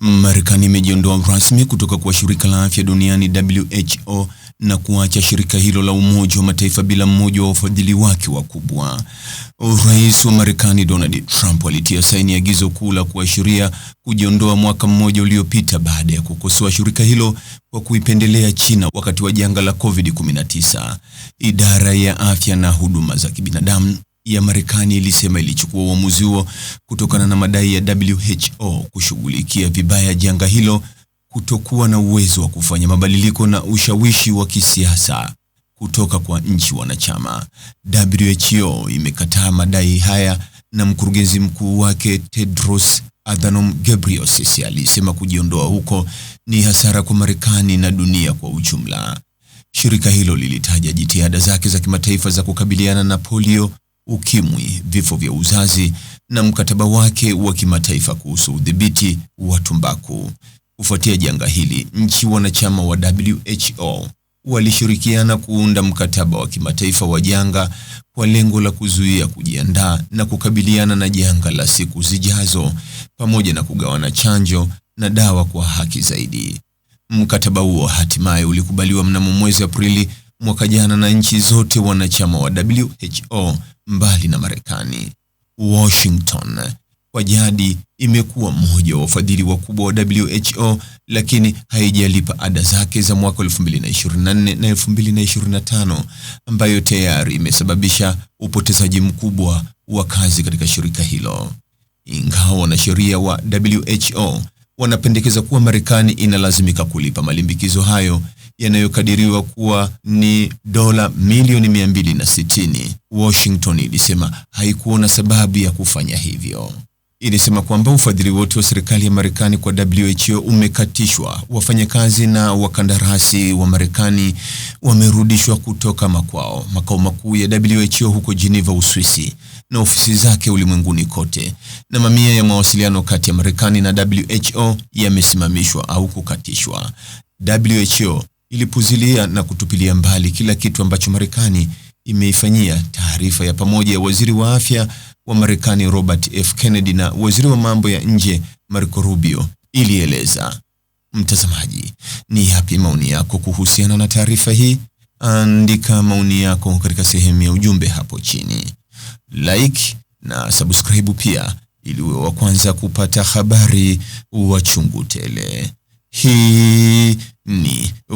Marekani imejiondoa rasmi kutoka kwa shirika la afya duniani WHO na kuacha shirika hilo la Umoja wa Mataifa bila mmoja wa wafadhili wake wakubwa. Rais wa Marekani Donald Trump alitia saini agizo kuu la kuashiria kujiondoa mwaka mmoja uliopita baada ya kukosoa shirika hilo kwa kuipendelea China wakati wa janga la COVID-19. Idara ya Afya na Huduma za Kibinadamu ya Marekani ilisema ilichukua uamuzi huo kutokana na madai ya WHO kushughulikia vibaya janga hilo, kutokuwa na uwezo wa kufanya mabadiliko na ushawishi wa kisiasa kutoka kwa nchi wanachama. WHO imekataa madai haya na mkurugenzi mkuu wake Tedros Adhanom Ghebreyesus alisema kujiondoa huko ni hasara kwa Marekani na dunia kwa ujumla. Shirika hilo lilitaja jitihada zake za kimataifa za kukabiliana na polio ukimwi, vifo vya uzazi na mkataba wake wa kimataifa kuhusu udhibiti wa tumbaku. Kufuatia janga hili, nchi wanachama wa WHO walishirikiana kuunda mkataba wa kimataifa wa janga kwa lengo la kuzuia, kujiandaa na kukabiliana na janga la siku zijazo, pamoja na kugawana chanjo na dawa kwa haki zaidi. Mkataba huo hatimaye ulikubaliwa mnamo mwezi Aprili mwaka jana na nchi zote wanachama wa WHO mbali na Marekani. Washington kwa jadi imekuwa mmoja wa wafadhili wakubwa wa WHO, lakini haijalipa ada zake za mwaka 2024 na 2025, ambayo tayari imesababisha upotezaji mkubwa wa kazi katika shirika hilo. Ingawa wanasheria wa WHO wanapendekeza kuwa Marekani inalazimika kulipa malimbikizo hayo yanayokadiriwa kuwa ni dola milioni sitini. Washington ilisema haikuona sababu ya kufanya hivyo. Ilisema kwamba ufadhili wote wa serikali ya Marekani kwa WHO umekatishwa. Wafanyakazi na wakandarasi wa Marekani wamerudishwa kutoka makwao. Makao makuu ya WHO huko Geneva, Uswisi na ofisi zake ulimwenguni kote, na mamia ya mawasiliano kati ya Marekani na WHO yamesimamishwa au kukatishwa. WHO ilipuzilia na kutupilia mbali kila kitu ambacho Marekani imeifanyia. Taarifa ya pamoja ya waziri wa afya wa Marekani Robert F. Kennedy na waziri wa mambo ya nje Marco Rubio ilieleza. Mtazamaji, ni yapi maoni yako kuhusiana na taarifa hii? Andika maoni yako katika sehemu ya ujumbe hapo chini, like na subscribe pia, ili uwe wa kwanza kupata habari wa chungu tele hii.